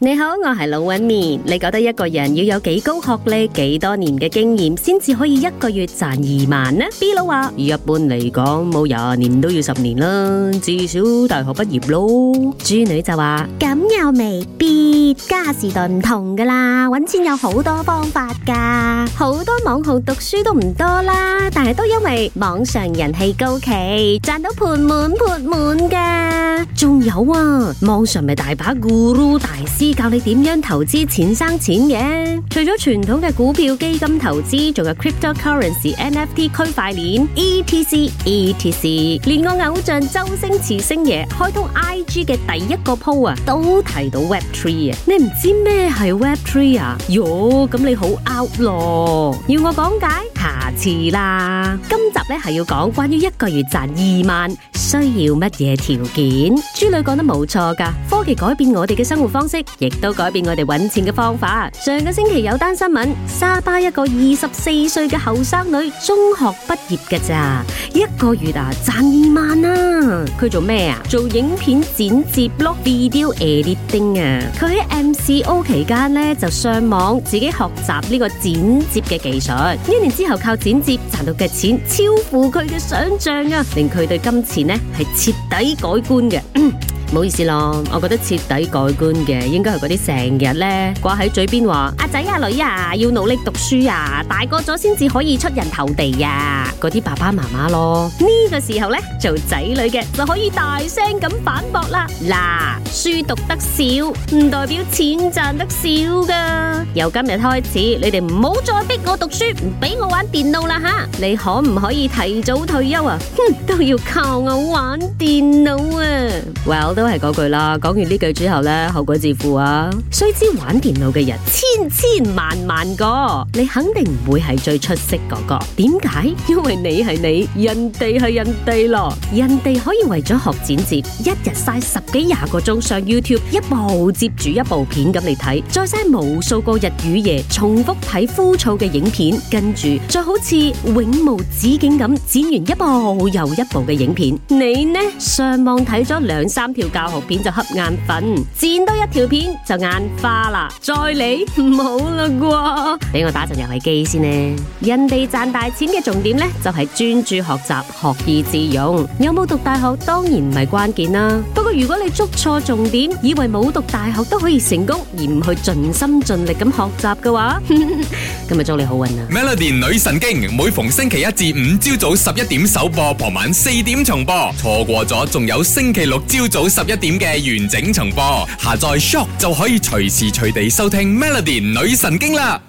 你好，我係老揾面。你覺得一個人要有幾高學歷、幾多年嘅經驗先至可以一個月賺二萬呢？B 佬話：一般嚟講，冇廿年都要十年啦，至少大學畢業咯。豬女就話：咁又未必，家時代唔同噶啦，揾錢有好多方法噶，好多網紅讀書都唔多啦，但係都因為網上人氣高企，賺到盆滿缽滿嘅。仲有啊，網上咪大把咕嚕大師。教你點樣投資錢生錢嘅，除咗傳統嘅股票、基金投資，仲有 cryptocurrency、NFT、e e、區塊鏈、ETC、ETC，連我偶像周星馳星爺開通 IG 嘅第一個鋪啊，都提到 Web3 啊！Yo，你唔知咩係 Web3 啊？喲，咁你好 out 咯，要我講解？下次啦，今集咧係要講關於一個月賺二萬需要乜嘢條件？豬女講得冇錯噶，科技改變我哋嘅生活方式，亦都改變我哋揾錢嘅方法。上個星期有單新聞，沙巴一個二十四歲嘅後生女，中學畢業噶咋，一個月啊賺二萬啊！佢做咩啊？做影片剪接咯，啊，video editing 啊！佢喺 MCO 期間呢，就上網自己學習呢個剪接嘅技術，一年之後。後靠剪接賺到嘅錢超乎佢嘅想象啊，令佢對金錢呢係徹底改觀嘅。 唔好意思咯，我覺得徹底改觀嘅應該係嗰啲成日呢掛喺嘴邊話阿仔阿女啊要努力讀書啊大個咗先至可以出人頭地呀、啊」嗰啲爸爸媽媽咯。呢個時候呢，做仔女嘅就可以大聲咁反駁啦嗱，啊、書讀得少唔代表錢賺得少噶，由今日開始你哋唔好再逼我讀書唔俾我玩電腦啦吓，你可唔可以提早退休啊？哼都要靠我玩電腦啊 Well, 都係嗰句啦，講完呢句之後呢，後果自負啊！須知玩電腦嘅人千千萬萬個，你肯定唔會係最出色嗰個。點解？因為你係你，人哋係人哋咯。人哋可以為咗學剪接，一日嘥十幾廿個鐘上 YouTube，一部接住一部片咁嚟睇，再嘥無數個日與夜重複睇枯燥嘅影片，跟住再好似永無止境咁剪完一部又一部嘅影片。你呢？上網睇咗兩三條。教學片就瞌眼瞓，剪多一條片就眼花啦，再嚟唔好啦啩！俾我打陣遊戲機先。呢，人哋賺大錢嘅重點呢，就係專注學習，學以致用。有冇讀大學當然唔係關鍵啦。如果你捉錯重點，以為冇讀大學都可以成功，而唔去盡心盡力咁學習嘅話，今日祝你好運啊！Melody 女神經每逢星期一至五朝早十一點首播，傍晚四點重播，錯過咗仲有星期六朝早十一點嘅完整重播。下載 Shock 就可以隨時隨地收聽 Melody 女神經啦。